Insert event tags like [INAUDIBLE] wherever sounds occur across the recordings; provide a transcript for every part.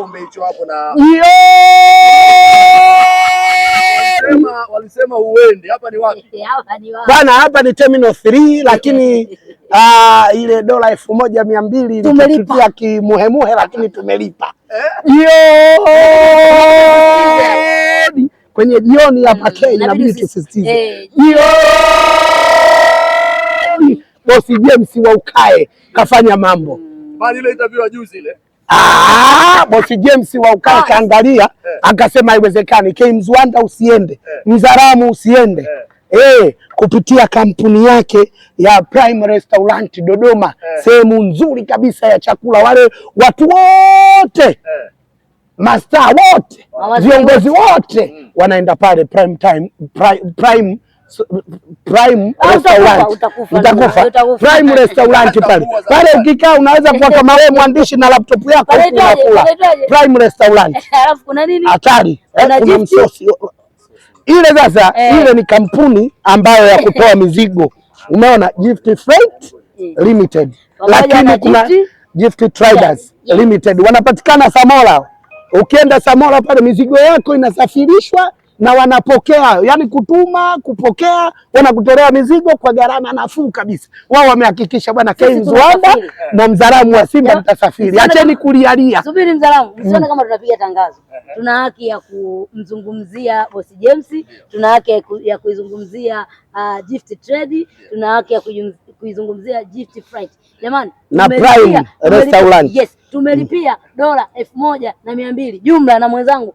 kikombe hicho hapo na walisema, walisema uende. Hapa ni wapi [LAUGHS] bwana? Hapa ni terminal 3 lakini Aa, [LAUGHS] ah, ile dola elfu moja mia mbili tumetutia kimuhemuhe lakini tumelipa jioni eh? kwenye jioni ya pakeji, inabidi tusisitize jioni. Eh. Bosi James wa ukae kafanya mambo. Bali ile interview ya juzi ile Ah, bosi James wa ukaya kaangalia ah. eh. akasema haiwezekani. K Mzwanda usiende, eh. Mzaramu usiende. E, kupitia kampuni yake ya Prime Restaurant Dodoma, sehemu nzuri kabisa ya chakula. Wale watu wote mastaa wote viongozi wote mm. wanaenda pale prime time, prime, prime Ah, prime Restaurant, utakufa Prime Restaurant pale pale, ukikaa unaweza kuwa kama wewe mwandishi na laptop yako unakula Prime Restaurant, [LAUGHS] alafu kuna nini? Hatari, eh, kuna msosi ile. Sasa eh. ile ni kampuni ambayo ya kutoa [LAUGHS] mizigo, umeona Gift Freight mm. Limited, lakini kuna Gift Traders Limited wanapatikana Samora. Ukienda Samora pale mizigo yako inasafirishwa na wanapokea, yani kutuma, kupokea, wanakutolea mizigo kwa gharama nafuu kabisa. Wao wamehakikisha bwana K na Mzalamu wa Simba mtasafiri. Acheni kulialia, subiri Mzalamu, mm. msione kama tunapiga tangazo. Tuna haki ya kumzungumzia bosi James, tuna haki ya kuizungumzia uh, gift trade, tuna haki ya kuizungumzia gift flight jamani, na prime restaurant yes, tumelipia mm. dola elfu moja na mia mbili jumla na mwenzangu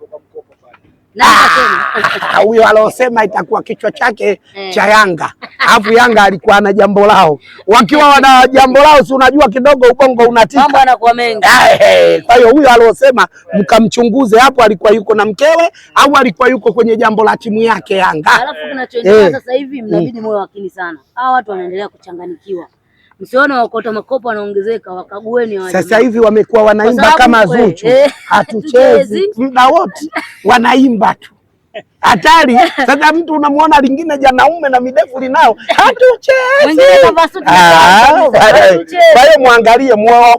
Ah, [LAUGHS] huyo alosema itakuwa kichwa chake eh, cha Yanga alafu Yanga alikuwa na jambo lao, wakiwa wana jambo lao, si unajua kidogo ubongo unatika, mambo yanakuwa mengi. Eh, eh. Kwa hiyo huyo alosema mkamchunguze hapo, alikuwa yuko na mkewe au alikuwa yuko kwenye jambo la timu yake Yanga. Alafu kinachoendelea eh. sasa hivi, mnabidi moyo mm. wakini sana, hawa watu wanaendelea kuchanganikiwa msione wakota makopo wanaongezeka, wakagueni wale. Sasa hivi wamekuwa wanaimba kama Zuchu, [LAUGHS] hatuchezi muda wote wanaimba tu hatari [LAUGHS] sasa. Mtu unamwona lingine janaume na midefu linao, hatuchezi. Ah, kwa hiyo mwangalie,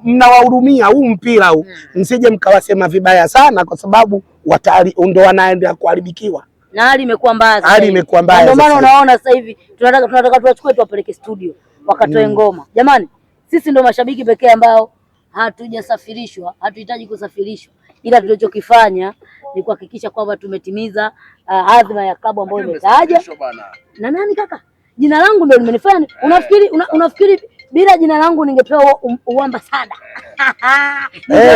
mnawahurumia huu mpira huu, hmm. msije mkawasema vibaya sana, kwa sababu watari ndo wanaenda kuharibikiwa na hali imekuwa mbaya, hali imekuwa mbaya. Ndio maana unaona sasa hivi tunataka tunataka tuwachukue tuwapeleke studio wakatoe mm. ngoma. Jamani, sisi ndo mashabiki pekee ambao hatujasafirishwa, hatuhitaji kusafirishwa, ila tulichokifanya ni kuhakikisha kwamba tumetimiza uh, adhima ya klabu ambayo imetaja na nani kaka, jina langu ndio limenifanya. Eh, unafikiri una, unafikiri bila jina langu ningepewa uamba sana.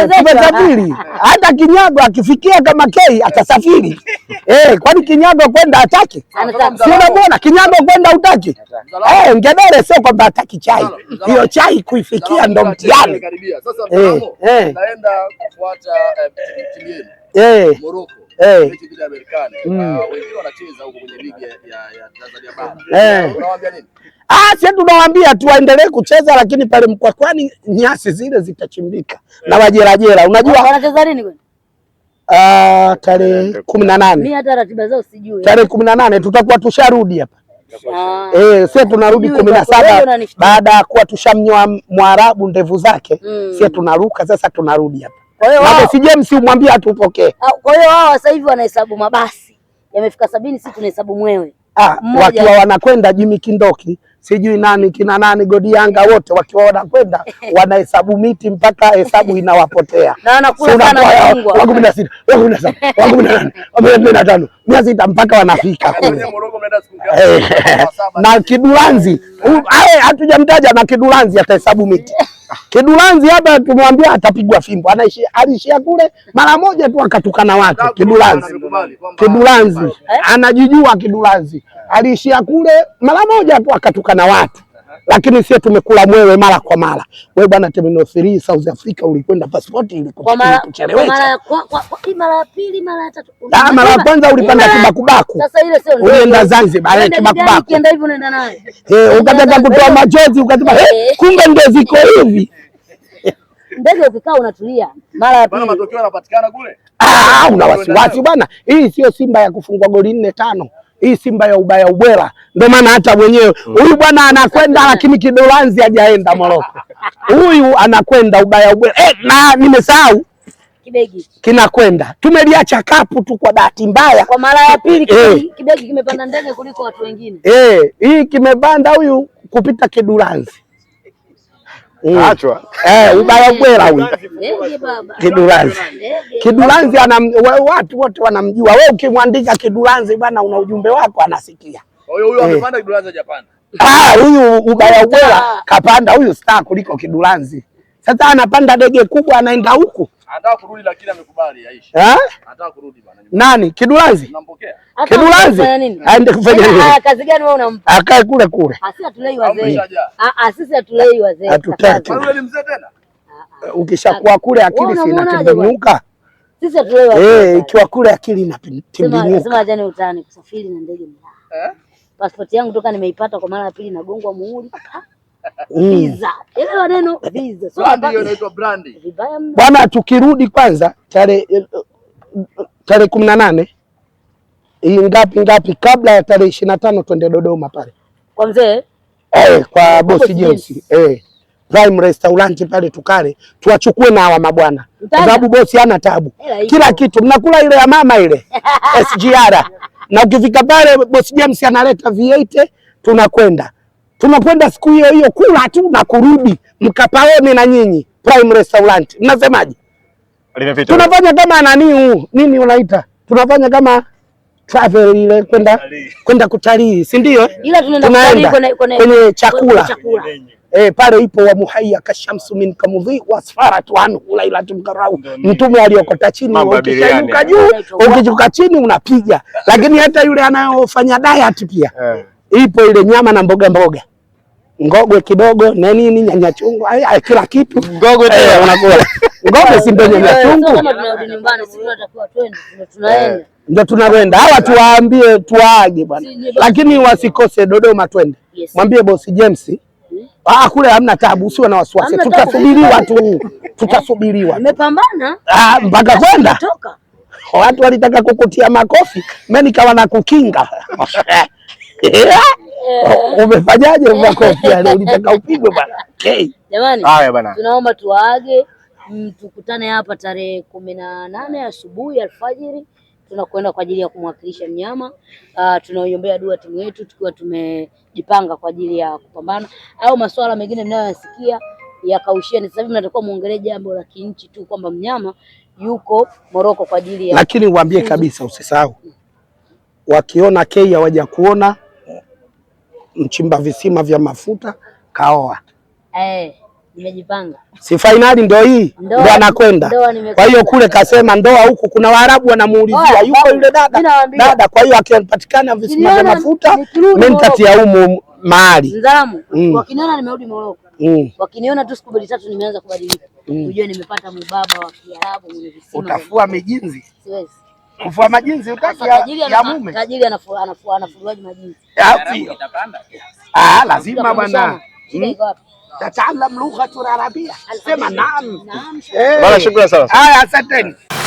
Tumetabiri [LAUGHS] eh, hata Kinyago akifikia kama Kei atasafiri [LAUGHS] eh, kwani Kinyago kwenda hataki? Si unamwona Kinyago kwenda hutaki? Eh, Ngedere sio kwamba hataki chai, hiyo chai kuifikia ndo mtihani. Hey. Eh, eh. Mm. Uh, Ah, sisi tunawaambia tu waendelee kucheza, lakini pale Mkwakwani nyasi zile zitachimbika yeah. na eh. wajerajera unajua wanacheza nini kwani? Ah, tarehe kumi na nane mimi hata ratiba zao sijui. Tarehe kumi na nane tutakuwa tusharudi hapa ah. eh, sio tunarudi kumi na saba baada ya kuwa tushamnyoa Mwarabu ndevu zake mm. Sio tunaruka sasa, tunarudi hapa kwa hiyo wao si James umwambie atupokee. Ah, kwa hiyo wao sasa hivi wanahesabu mabasi yamefika sabini, sisi tunahesabu mwewe. Ah, wakiwa wanakwenda Jimmy Kindoki sijui nani kina nani Godi Yanga wote wakiwa wanakwenda [LAUGHS] wanahesabu miti mpaka hesabu inawapotea. kumi na kumi na tano mia sita mpaka wanafika kule eh, na kidulanzi, eh. eh, hatujamtaja na kidulanzi atahesabu miti [LAUGHS] Kidulanzi hata tumwambia atapigwa fimbo, anaishia alishia kule mara moja tu akatukana watu. Kidulanzi Kidulanzi eh? anajijua, Kidulanzi alishia kule mara moja tu akatukana watu lakini sie tumekula mwewe mara kwa mara. Wewe bwana, terminal 3 South Africa ulikwenda pasipoti ilikuchelewesha. Mara ya kwanza ulipanda kibakubaku, ulienda Zanzibar eh, kibakubaku, eh, ukataka kutoa machozi, ukasema kumbe ndio ziko hivi. Ndege ukikaa unatulia, mara ya pili matokeo yanapatikana kule. Ah, una wasiwasi bwana. Hii sio Simba ya kufungwa goli nne tano, hii Simba ya ubaya ubwela. Ndio maana hata mwenyewe mm. huyu bwana anakwenda, [LAUGHS] lakini kidolanzi hajaenda Moroko. Huyu anakwenda ubaya ubwela. Eh, na nimesahau kibegi kinakwenda, tumeliacha kapu tu kwa bahati mbaya, kwa mara ya pili eh, kibegi kimepanda ndege kuliko watu wengine. Eh, hii kimepanda huyu kupita kidulanzi Mm. kaachwa eh, yaani ubaya bwera huyu Kidulanzi. Kidulanzi ana watu wote wanamjua. Wewe ukimwandika Kidulanzi bwana, una ujumbe wako anasikia. Eh. Huyu amepanda ubaya bwera kapanda, huyu star kuliko Kidulanzi. Sasa anapanda dege kubwa anaenda huku. Anataka kurudi lakini amekubali Aisha. Eh? Anataka kurudi bwana. Nani? Kidulazi? Unampokea? Kidulazi? Aende kufanya yaani, nini? Ah, kazi gani wewe unampa? Akae kule kule. Ah, sisi hatulei wazee. Ah, ah sisi hatulei wazee. Hatutaki. Wewe ni mzee tena? Ah, eh, ukishakuwa kule akili si inatimbinyuka. Sisi hatulei wazee. Eh, ikiwa kule akili inatimbinyuka. Sema jana utani kusafiri na ndege mbaya. Eh? Pasipoti yangu toka nimeipata kwa mara ya pili nagongwa muhuri. Mm. Bwana, tukirudi kwanza tarehe eh, tarehe kumi na nane hii ngapi ngapi, kabla ya tarehe ishirini na tano twende Dodoma pale kwa mzee eh, kwa bosi James eh, Prime Restaurant pale tukale, tuwachukue na hawa mabwana, kwa sababu bosi hana tabu, kila kitu mnakula ile ya mama ile SGR [LAUGHS] na ukifika pale bosi James analeta V8 tunakwenda tunakwenda siku hiyo hiyo kula tu na kurudi, mkapaone na nyinyi Prime Restaurant. Mnasemaje? tunafanya kama nani nini unaita, tunafanya kama travel ile kwenda kwenda kutalii, si ndio? Tunaenda kwenye chakula eh, pale ipo wa muhayya kashamsu min kamudhi wasfaratu anhu lailatul tumkarau Mtume aliokota chini, ukishuka juu, ukishuka chini unapiga, lakini hata yule anayofanya diet pia eh ipo ile nyama na mboga mboga, ngogwe kidogo na nini, nyanya chungu, kila kitu ngogwe eh, tena unakula ngogwe, si ndio nyanya eh, chungu, eh, ndio tunakwenda. Hawa tuwaambie tuwaage bwana, lakini wasikose Dodoma, twende yes. Mwambie bosi James hmm? Ah, kule hamna tabu, usiwe na wasiwasi, tutasubiriwa tu, tutasubiriwa. Nimepambana ah, mpaka kwenda. Watu walitaka kukutia makofi, mimi nikawa na kukinga [LAUGHS] Eh. [LAUGHS] Umefanyaje eh. kofia? Ulitaka upigwe bwana. Jamani, haya bwana, tunaomba tuwaage, mm, tukutane hapa tarehe kumi na nane asubuhi alfajiri tunakwenda kwa ajili ya kumwakilisha mnyama. Uh, ah, tunaiombea dua timu yetu tukiwa tumejipanga kwa ajili ya kupambana, au masuala mengine mnayoyasikia ya kausheni. Sasa hivi mnatakiwa muongelee jambo la kinchi tu kwamba mnyama yuko Moroko kwa ajili ya, lakini uambie kabisa, usisahau mm. wakiona K hawaja kuona mchimba visima vya mafuta kaoa. Eh, nimejipanga. Si finali ndo hii ndo anakwenda. Kwa hiyo kule kasema ndoa huku kuna Waarabu wanamuulizia yuko yule dada dada, kwa hiyo akipatikana visima vya mafuta mimi nitatia humu mahali. Nzamu, mm. Wakiniona nimerudi Moroko. Mm. Wakiniona tu siku mbili tatu nimeanza kubadilika. Mm. Unajua nimepata mubaba wa Kiarabu mwenye visima. Utafua mijinzi? Siwezi kufua majinzi kati ya ya mume. Tajiri anafuaje majinzi? Ah, lazima bwana hmm? tataalam lughatul arabia. Sema naam. Naam. Eh. Bana, shukrani sana. Haya, asanteni.